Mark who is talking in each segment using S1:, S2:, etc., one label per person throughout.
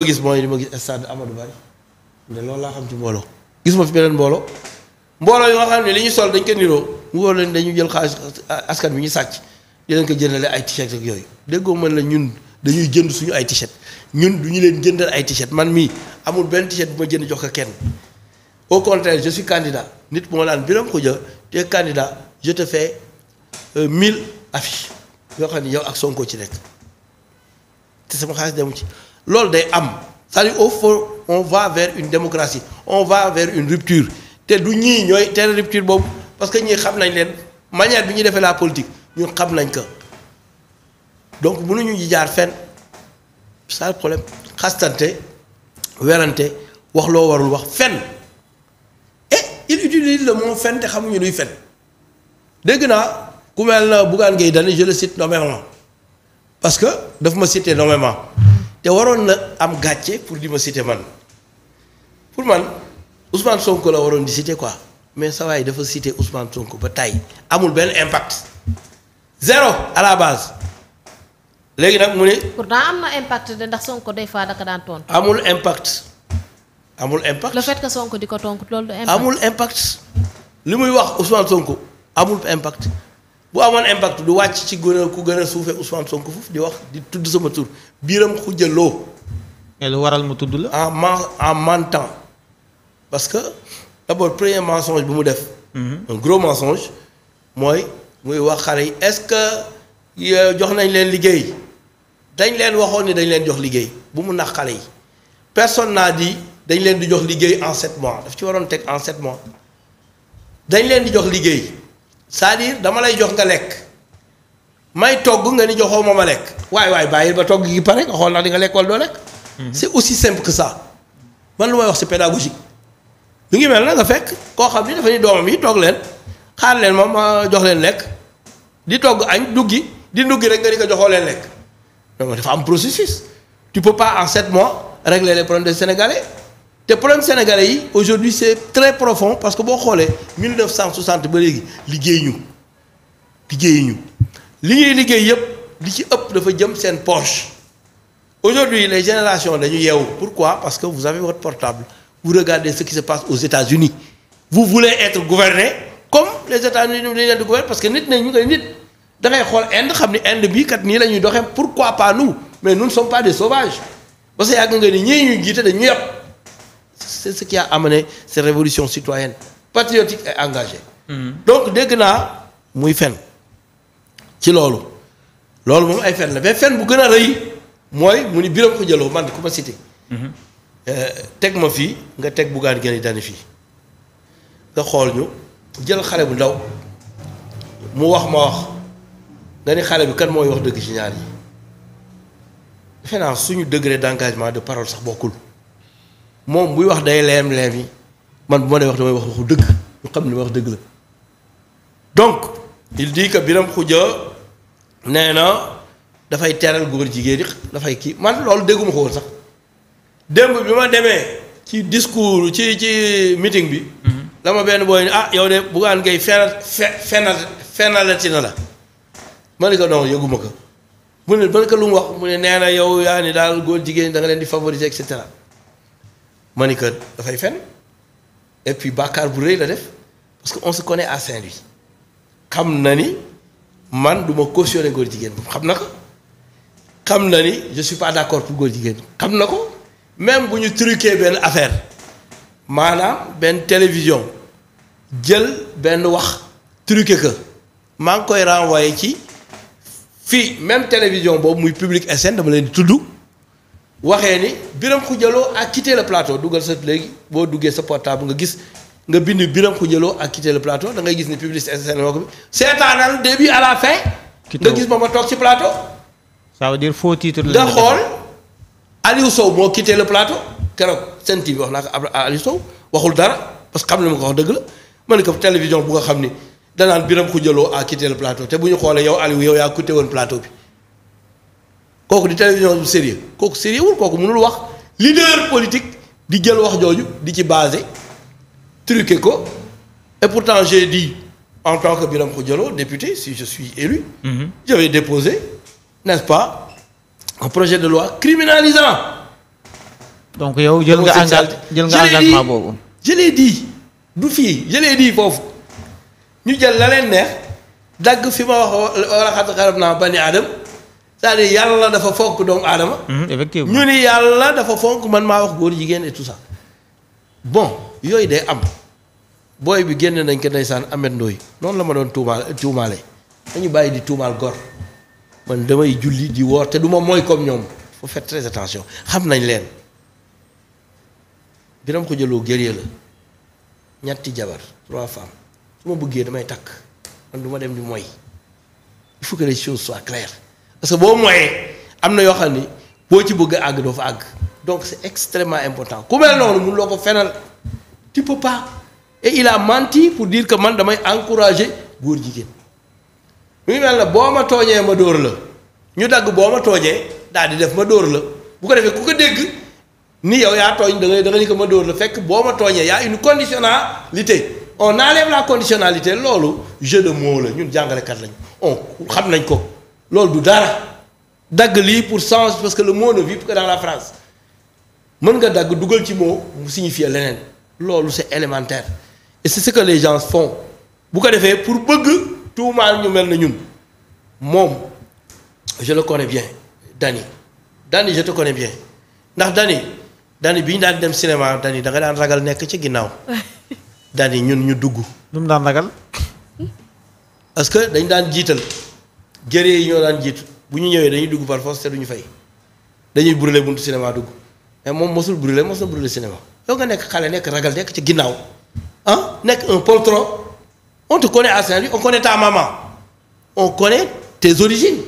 S1: ma gis mooy li ma gis stade Amadou laa xam ci mbooloo gis beneen mbooloo mbooloo yoo li ñu sol dañ ko niroo mu wóor leen dañu jël xaalis askan bi ñu sàcc di ko jëndale ay t yooyu déggoo man la ñun dañuy jënd suñu ay t ñun du ñu leen jëndal ay t man mii amul benn t-shirt bu ma jënd jox ko kenn au contraire je suis nit moo naan Birame Khoudia te candidat je te fais euh, mille affiches yoo xam ne yow ak Sonko ci nekk te sama xaalis demu ci loolu day am cest à au fond on va vers une démocratie on va vers une rupture te du ñii ñooy tere rupture boobu parce que ñii xam nañ leen manière bi ñuy defee la politique ñun xam nañ ko donc mënuñu ñu jaar fen ça problème xastante werante wax loo warul wax fenn et eh, il utilise le mot fenn te xamuñu luy fenn dégg naa ku mel na Bougane Gueye Dany je le cite parce que daf ma cité nommément te waroon na am gàcce pour di ma citer man pour man Ousmane Sonko la waroon di citer quoi mais sa dafa citer Ousmane Sonko ba tey amul benn impact zéro à la base léegi nag mu ne.
S2: pourtant am na impact de ndax Sonko des fois daka daan tontu.
S1: amul impact. amul impact le
S2: fait di ko tontu loolu du impact amul
S1: impact li muy wax Ousmane Sonko amul impact. bu amoon impact du wàcc ci gën a ku gën a suufee Ousmane Sonko foofu di wax di tudd sama tur biiram xujja loo. lu waral mu tudd la. en man en mentant parce que d' abord premier mensonge bu mu def. Mhm. un gros mensonge mooy muy wax xale yi est ce que euh, jox nañ leen liggéey dañ leen waxoon ni dañ leen jox liggéey bu mu nax xale yi personne n'a di dañ leen di jox liggéey en sept mois daf ci waroon teg en sept mois dañ leen di jox liggéey. cest à dama lay jox nga lekk may togg nga ni joxoo ma ma lekk waaye waaye bàyyil ba togg gi pare nga xool ndax di nga lekk wala doo lekk. Mhm. c'est aussi simple que ça man lu may wax ci pédagogique mi ngi mel na nga fekk koo xam ni dafa ni doomam yi toog leen xaar leen ma ma jox leen lekk di togg añ duggi di duggi rek nga di ko joxoo leen lekk donc dafa am processus tu peux pas en sept mois régler les problèmes des Sénégalais. te problème sénégalais yi aujourd'hui c'est très profond parce que boo xoolee 1960 ba léegi liggéey ñu liggéey ñu li ñuy liggéey yëpp li ci ëpp dafa jëm seen porche aujourd'hui les générations dañu yeewu pourquoi parce que vous avez votre portable vous regardez ce qui se passe aux États-Unis vous voulez être gouverné comme les États-Unis parce que nit nañ ñu koy nit da xool Inde xam ni Inde bii kat nii la ñuy doxee pourquoi pas nous mais nous ne sommes pas des sauvages parce que yàgg nga ni yëpp. c'est ce qui a amené ces révolutions citoyennes patriotiques et engagées. Mmh. donc dégg naa muy fen ci loolu loolu moom ay fen la mais fen bu gën a rëy mooy mu ni biram ko jëloo man ku ma cité. Mm-hmm. Euh, teg ma fii nga teg Bougane Gueye Dany fii nga xool ñu jël xale bu ndaw mu wax ma wax nga ni xale bi kan mooy wax dëgg ci ñaar yi defe naa suñu degré d'engagement de parole sax bokkul. moom buy wax day leem leem yi man bu ma dee wax damay wax waxu dëgg ñu xam ne ma wax dëgg la donc il dit que Biram Khoudia nee na dafay teral góor jigéen yi dafay kii man loolu dégguma ko woon sax démb bi ma demee ci discours ci ci meeting bi. la mhm. ma benn booy ni ah yow de Bougane Gueye fenal fenal fenalati na la ma ne ko non yëguma ko mu ne man ko lu mu wax mu ne nee na yow yaa ni daal góor jigéen da nga leen di favoriser et cetera. ma ni que dafay fen et puis bàkkaar bu rëy la def parce que on se connaît à saint xam na ni man du ma cautionné góor jigéen boobu xam na ko xam na ni je suis pas d'accord pour góor jigéen xam na ko même bu ñu truqué benn affaire maanaam benn télévision jël benn wax truqué que maa ngi koy renvoyé ci fii même télévision boobu muy Public SN dama leen di tudd waxee ni Biram Khoudialo a quitté le plateau dugal sa léegi boo duggee sa portable nga gis nga bind Biram Khoudialo a quitté le plateau da ngay gis ni publicité SSN ko bi seetaanal début à la fin. nga gis ma ma toog ci plateau. sa veut dire faux titre la nga xool Aliou Sow moo quitté le plateau keroog Sen TV wax naa ko Aliou Sow waxul dara parce que xam ne ma ko wax dëgg la ma ne ko télévision bu nga xam ni danaan Biram Khoudialo a quitté le plateau te ñu xoolee yow Aliou yow yaa quitté woon bi. kooku di télévision bu sérieux kooku sérieux wul kooku mënul wax leader politique di jël wax jooju di ci basé truqué ko et pourtant j'ai dit en tant ko Birame Khoudia Lo député si je suis élu mm déposé n'est-ce pas projet de loi criminalisant donc yow jël nga engagement boobu je l'ai dit du fii je l'ai dit foofu ñu jël la leen neex dagg fi ma wax wala xat naa bani adam c'est-à-dire yàlla dafa fonk doomu aadama.
S2: Mhm, effectivement
S1: ñu ni yàlla dafa fonk man maa wax góor jigéen et tout ça bon yooyu day am booy bi génne nañ ko ndeysaan Ameth Ndoye noonu la ma doon tuumaal tuumaale dañu bàyyi di tuumaal gor man damay julli di woor te du ma mooy comme ñoom faut fet très attention xam nañ leen biram ko jëloo guerrier la ñetti jabar trois femmes su ma bëggee damay takk man du dem di moy il faut que les choses soient parce que boo moyee am na yoo xam ni boo ci bëgg a àgg doo fa àgg donc c'est extrêmement important ku mel noonu mun loo ko fenal tu pas et il a menti pour diir que man damay encourager góor jigéen mu mel na boo ma tooñee ma dóor la ñu dagg boo ma tooñee daal di def ma dóor la bu ko defee ku ko dégg ni yow yaa tooñ da nga da ko ma dóor la fekk boo ma tooñee y a une conditionnalité on enlève la conditionnalité loolu jeu de mots la ñun jàngalekat lañ on xam nañ ko loolu du dara dagg lii pour changer parce que le mot ne vit que dans la France mën nga dagg dugal ci mot mu signifier leneen loolu c'est élémentaire et c'est ce que les gens font bu ko defee pour bëgg tuumaal ñu mel na ñun moom je le connais bien Dany Dany je te connais bien ndax Dany Dany bi ñu daan dem cinéma Dany danga daan ragal nekk ci ginnaaw Dany ñun ñu dugg. lu mu daan ragal. parce que dañ daan jiital. gérés yi ñoo daan jiitu bu ñu ñëwee dañuy dugg par force te duñu fay dañuy brûler bunt cinéma dugg mais moom mosul brûler mos na brûler cinéma yow nga nekk xale nekk ragal nekk ci ginnaaw ah nekk un poltron on te connaît à Saint-Louis on connaît ta maman on connaît tes géej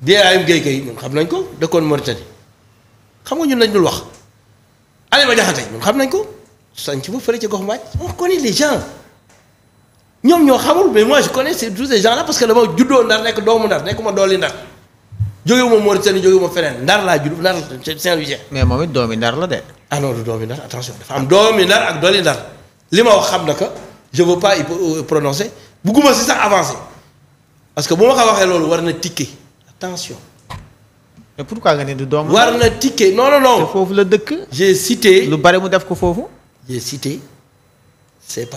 S1: DRM Guèye kay xam nañ ko dëkkoon Mauritanie xam nga ñun lañ dul wax Alima Diakhaté ñun xam nañ ko sànq ba fële ci gox mbaaj on connaît les ñoom ñoo xamul mais moi je connais ces tous ces gens là parce que dama juddoo ndar nekk doomu ndar nekkuma dooli ndar jógewuma Mauritanie jógewuma feneen ndar laa judd ndar Saint-Louis. mais moom it doomi ndar la de. ah non du doomi ndar attention dafa am doomi ndar ak dooli ndar li ma wax xam na que je veux pas y euh, prononcer bugguma si sax avancer parce que bu ma ko waxee loolu war na tikke attention. mais pourquoi nga ne du doomu. war na tikke non non foofu la dëkk. j'ai lu bari mu def ko foofu. j'ai cité ses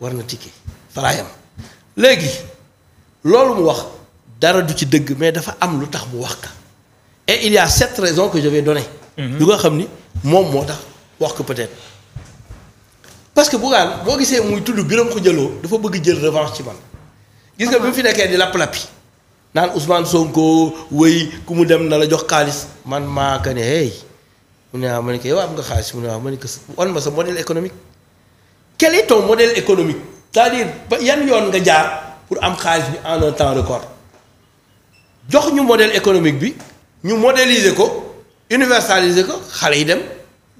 S1: war na tikke. faraayam léegi loolu mu wax dara du ci dëgg mais dafa am lu tax mu wax ka et il y a sept raisons que je vais lu mhm. nga xam ni moom moo tax wax ko peut-être parce que Bougane boo gisee muy tudd biram ko jëloo dafa bëgg jël revanche ci man. gis nga bi mu fi nekkee di lapp-lappi naan Ousmane Sonko wéy ku mu dem na la jox xaalis man maa ko ne hey mu ne ah ma ne ko yow am nga xaalis mu ne ah ma ne ko wan ma sa modèle économique. quel est ton modèle économique. c'est-à-dire ba yan yoon nga jaar pour am xaalis bi en un temps record jox ñu modèle économique bi ñu modéliser ko universaliser ko xale yi dem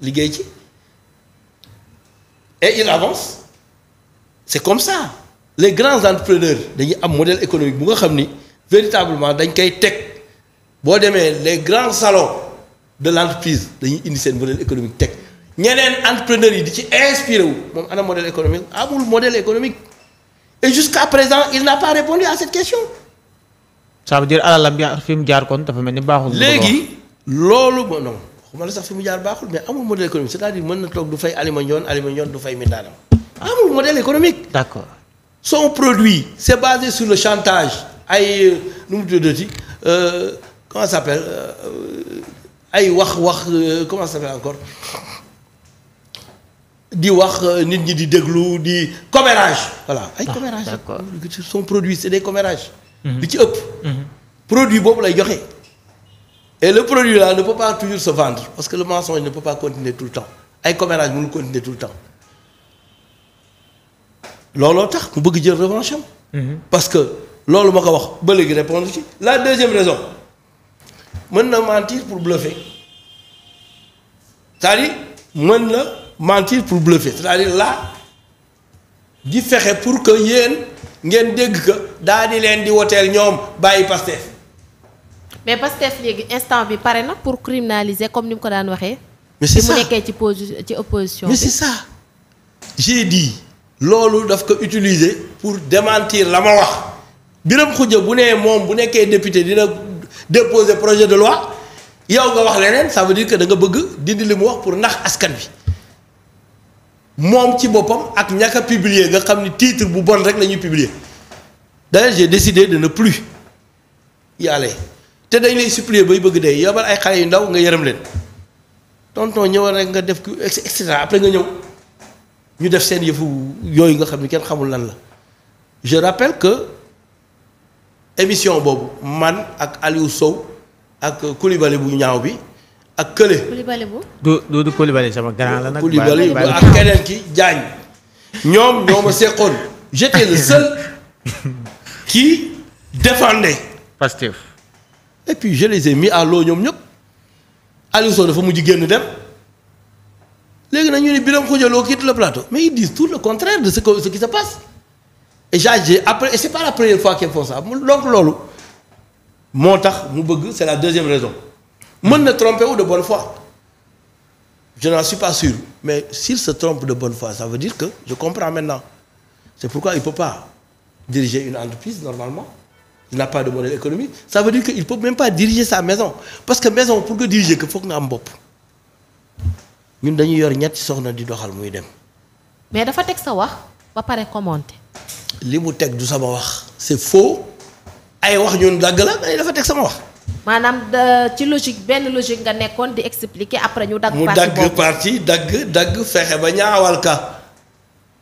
S1: liggéey ci et il avance c'est comme ça les grands entrepreneurs dañuy am modèle économique bu nga xam ni véritablement dañ koy teg boo demee les grands salons de l'entreprise dañuy indi seen modèle économique teg ñeneen entrepreneurs yi di ci inspiré wu moom ana modèle économique amul modèle économique et jusqu'à présent il n'a pas répondu à cette question. ça veut dire alalam jaar mu jaar kon dafa mel ni baaxul. léegi loolu moom non waxuma la sax fi mu jaar baaxul mais amul modèle économique c'est-à-dire mën na toog du fay Alima Ndione Alima Ndione du fay Mindaanam amul modèle économique. d'accord soo produit c'est basé sur le chantage ay euh, nu mu tuddati euh, comment ça s'appelle euh, ay wax wax comment ça s'appelle encore. di wax euh, nit ñi di déglu di commérage voilà ay ah, commérage son produit c'est des commérages mhm. li ci ëpp mhm. produit boobu lay joxe et le produit là ne peut pas toujours se vendre parce que le mensonge ne peut pas continuer tout le temps ay commérage mënul continuer tout le temps looloo tax mu bëgg jël revanche mhm. parce que loolu ma ko wax ba léegi répondre ci la deuxième raison mën na mentir pour bluffer cest à mën na mentir pour bluffer c'est-à-dire là di fexe pour que yéen ngeen dégg que daal di leen di woteel ñoom bàyyi Pastef.
S2: mais Pastef léegi instant bi pare na pour criminaliser comme ni mu ko daan waxee.
S1: mais c'est ça mu nekkee
S2: ci posi ci opposition bi. mais c'est ça
S1: loolu daf ko utiliser pour démentir la ma wax. Birame Khoudia bu nee moom bu nekkee député dina déposer projet de loi yow nga wax leneen ça veut dire que da nga bëgg dindi li mu wax pour nax askan bi. moom ci boppam ak ñàkk a publier nga xam ni tiitre bu bon rek la ñuy publier d'ailleurs j'ai décidé de ne plus y te dañ lay supplier bay bëgg dee yobal ay xale yu ndaw nga yërëm leen tonton ñëwal rek nga def et cetera après nga ñëw ñu def seen yëfu yooyu nga xam ni kenn xamul lan la je rappelle que émission boobu man ak Aliou Sow ak Coulibaly bu ñaaw bi ak Kële. Koulibaly bu. du du du Koulibaly sama grand la nag. Koulibaly bu ak keneen ki Diagne. ñoom ñoo ma seqoon j'étais le seul qui défendait. Pastef. et puis je les ai à l'eau ñoom ñëpp Aliou Sow dafa mujj génn dem léegi nag ñu ne Birame Khoudia Lo quitte le plateau mais ils disent tout le contraire de ce que ce qui se passe et j'ai après et c'est pas la première fois qu'ils font ça donc loolu moo tax mu bëgg c'est la deuxième raison. mën na tromper ou de bonne foi je n'en suis pas sûr mais s'il se trompe de bonne foi ça veut dire que je comprends maintenant c'est pourquoi il peut pas diriger une entreprise normalement il n'a pas de modèle économique ça veut dire que il peut même pas diriger sa maison parce que maison pour nga diriger ko foog nga am bopp ñun dañuy yor ñetti soxna di doxal muy dem.
S2: mais dafa teg sa wax ba pare commenter.
S1: li mu teg du sama wax c'est faux ay wax ñun dagg la dañuy
S2: dafa teg sama wax. maanaam ci logique benn logique nga nekkoon di expliquer après ñu dagg. mu dagg
S1: parti dagg dagg fexe ba ñaawal ka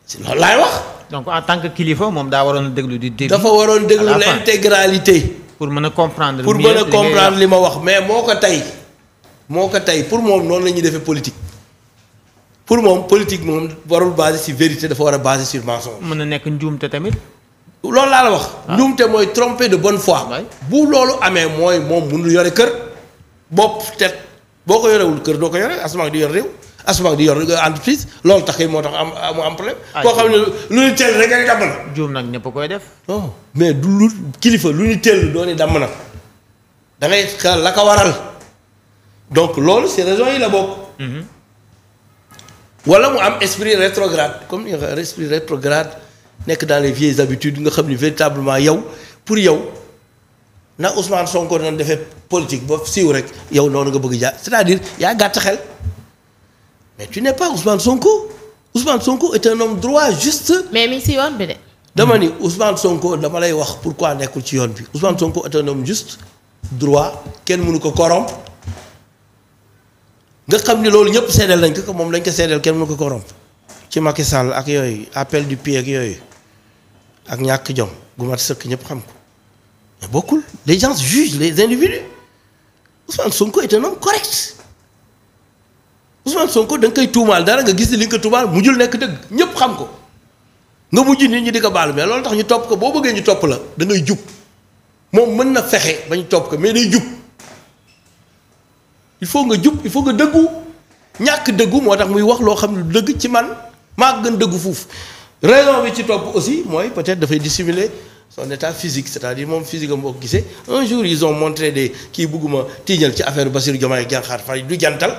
S1: si loolu laay wax. donc en tant que kilifa moom daa waroon déglu di déglu. dafa waroon déglu l'intégralité. pour mën a comprendre. pour mën a comprendre li ma wax mais moo ko tey. moo ko tey pour moom noonu la ñuy defee politique pour moom politique moom warul basé si vérité dafa war a basé sur mensonge. mën a nekk njuumte tamit. loolu laa la wax. Ah. njuumte mooy tromper de bonne foi. bu loolu amee mooy moom mënul yore kër. bopp te boo ko yorewul kër doo ko yore asmaa di yor réew. asmaa di yor entreprise loolu tax kay moo tax am mu am problème. koo na. ñëpp koy def. mais du lu kilifa lu ñu teel doo ni damm na da ngay xel la ko waral donc loolu ci raison yi la bokk. Mhm. wala mu am esprit rétrograde comme esprit rétrograde. nekk dans les vieilles habitudes nga xam ni véritablement yow pour yow na Ousmane Sonko doon defee politique ba siiw rek yow noonu nga bëgg jaar c'est-à-dire yaa gàtt xel mais tu n'es pas Ousmane Sonko Ousmane Sonko est un homme droit juste. mais mi si yoon bi de. dama ni Ousmane Sonko dama lay wax pourquoi nekkul ci yoon bi Ousmane Sonko est un homme juste droit kenn mënu ko corrompre nga xam ni loolu ñëpp seedeel nañ ko moom lañ ko seedeel kenn mënu ko corrompre. ci Macky Sall ak yooyu appel du pied ak yooyu ak ñàkk jom gu mat sëkk ñëpp xam ko bokkul les gens jugent les individus Ousmane Sonko est un homme correct Ousmane Sonko da nga koy tuumaal dara nga gis ni li nga ko tuumaal mujjul nekk dëgg ñëpp xam ko nga mujj nit ñi di ko baal mais loolu tax ñu topp ko boo bëggee ñu topp la da ngay jub moom mën na fexe ba ñu topp ko mais day jub il faut nga jub il faut nga dëggu ñàkk dëggu moo tax muy wax loo xam lu dëgg ci man. maa gën dëggu fuuf raison bi ci topp aussi mooy peut-être dafay dissimuler son état physique c'est-à-dire moom physique am boo ko gisee un jour ils ont montré des kii bugguma tiiñal ci affaire Bassirou Diomaye Diakhar Faye du jantal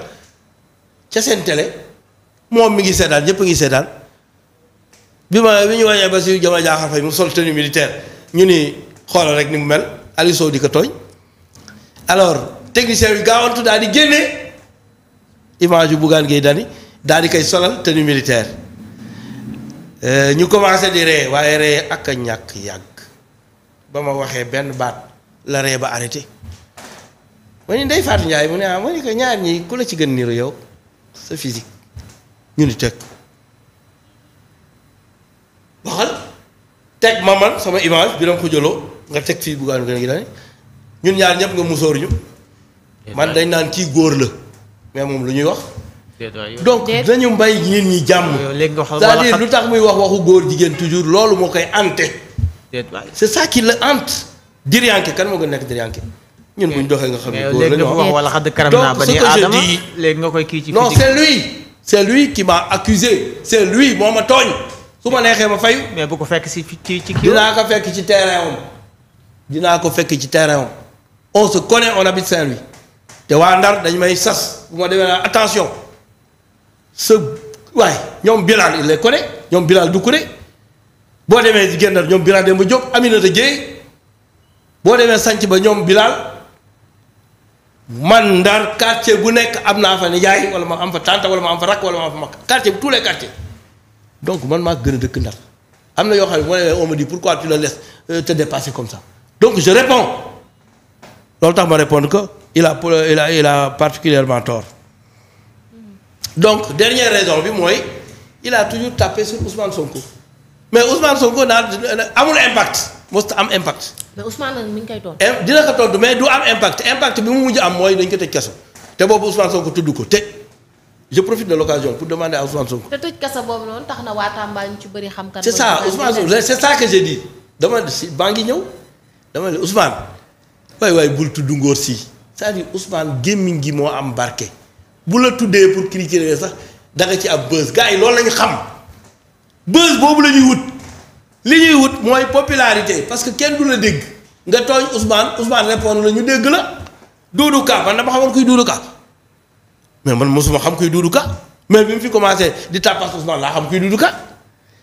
S1: ca seen tele moom mi ngi seetaan ñëpp ngi seetaan bi ma bi ñu wàññee Bassirou Diomaye Diakhar Faye mu sol tenue militaire ñu ni xoolal rek ni mu mel Aliou di ko tooñ alors technicien bi gaawantu daal di génne image yu Bougane Gueye Dany daal di koy solal tenue militaire Euh, ñu commencé di ree waaye ree ak a ñàkk yàgg ba ma waxee benn baat la ree ba arreté ma ni Ndeye Fatou Ndiaye mu ne ah ma ni ko ñaar ñi ku la ci gën niru yow sa physique ñu ni teg waxal teg ma sama image bi dama jëloo nga teg fii buggaan gën gi daane ñun ñaar ñëpp nga musóor ñu man dañ naan kii góor la mais moom lu ñuy wax donc dañu mbay nit ñi jàmm c'est-à-dire lu tax muy wax waxu góor jigéen toujours loolu moo koy ante c'est ça qui le hante diriyànke kan moo gën nekk diriyànke ñun buñ doxee nga xam ne góor wala xadd karam naa ba ni aadama léegi nga koy kii ci non c'est lui c'est lui qui m'a accusé c'est lui moo ma tooñ su ma neexee ma fayu mais bu ko fekk ci ci ci dinaa ko fekk ci terrain om dinaa ko fekk ci terrain om on se connaît on habite saint te waa Ndar dañ may sas bu ma demee naa attention sa waaye ñoom Bilal il les connaît ñoom Bilal du Kouré boo demee Gendar ñoom Bilal dem ba Diop Aminata Dieye boo demee sànc ba ñoom Bilal man ndar quartier bu nekk am naa fa nijaay wala ma am fa tante wala ma am fa rakk wala ma am fa mag quartier bu tous les quartiers donc man maa gën a dëkk ndar am na yoo xam ne moo leen on me dit pourquoi tu le laisses euh, te dépasser comme sax donc je réponds loolu tax ma répondre que il a particulièrement tort donc dernière raison bi mooy il a toujours tapé sur Ousmane Sonko mais Ousmane Sonko daal amul impact mosut am impact.
S2: mais Ousmane mi ngi koy
S1: tontu. dina ko tontu mais du am impact impact bi mu mujj am mooy dañ ko tëj kaso te boobu Ousmane Sonko te je profite de l'occasion pour demander à Ousmane Sonko.
S2: te tëj kaso noonu tax na waa Tamba ñu ci bëri xam. kan c'est ça Ousmane
S1: c'est ça que j'ai dit dama si baa ngi ñëw dama ne Ousmane waaye waay bul tudd ngóor si c'est-à-dire Ousmane gémmiñ gi moo am barke. bu la tuddee pour critiquer sax da ci ab buzz gars yi loolu lañu xam buzz boobu la ñuy wut li ñuy wut mooy popularité parce que kenn du la dégg nga tooñ Ousmane Ousmane répondre la ñu dégg la Doudou Ka man dama xamoon kuy Doudou Ka mais man mosuma xam kuy Doudou Ka mais bi mu fi commencé di tàppas Ousmane laa xam kuy Doudou Ka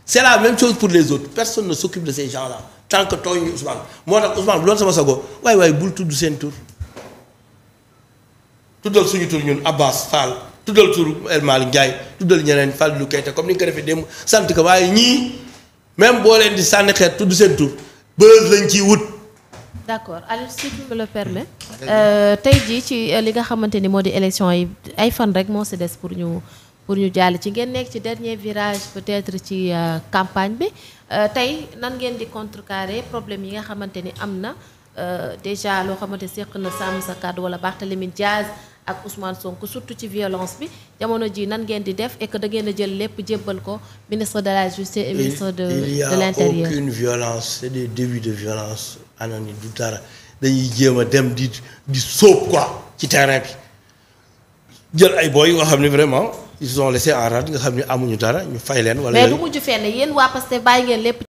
S1: c'est la même chose pour les autres personne ne s'occupe de ces gens-là tant que tooñ ñu Ousmane moo tax Ousmane bu doon sama sago waay waay bul tudd seen tur tuddal suñu tur ñun Abbas Fall tuddal tur El Malick Ndiaye tuddal ñeneen Fallou Keita comme ni nga ko defee démb sant ko waaye ñii même boo leen di sànni xeet tudd seen tur bërëb lañ ciy wut.
S2: d' accord alors si tu me mm-hmm. euh, tey jii ci euh, li nga xamante ni moo di élection yi ay fan rek moo si des pour ñu pour ñu jàll ci ngeen nekk ci dernier virage peut-être ci euh, campagne bi tey nan ngeen di contre contrecarrer problème yi nga xamante ni am na déjà loo xamante seq na sàmm sa kàddu wala Barthélémy Diaz ak Ousmane Sonko surtout ci violence bi jamono ji nan ngeen di def et que da jël lépp jébbal ko ministre de la justice ministre de de l'intérieur. il y
S1: a violence c'est des débuts de violence anani du dara dañuy jéem a dem di di sóob quoi ci terrain bi jël ay boy yoo xam ne vraiment ils ont laissé en rade nga xam ne amuñu dara ñu fay leen. wala mais du
S2: mujj fenn yéen waa Pastef bàyyi ngeen lépp.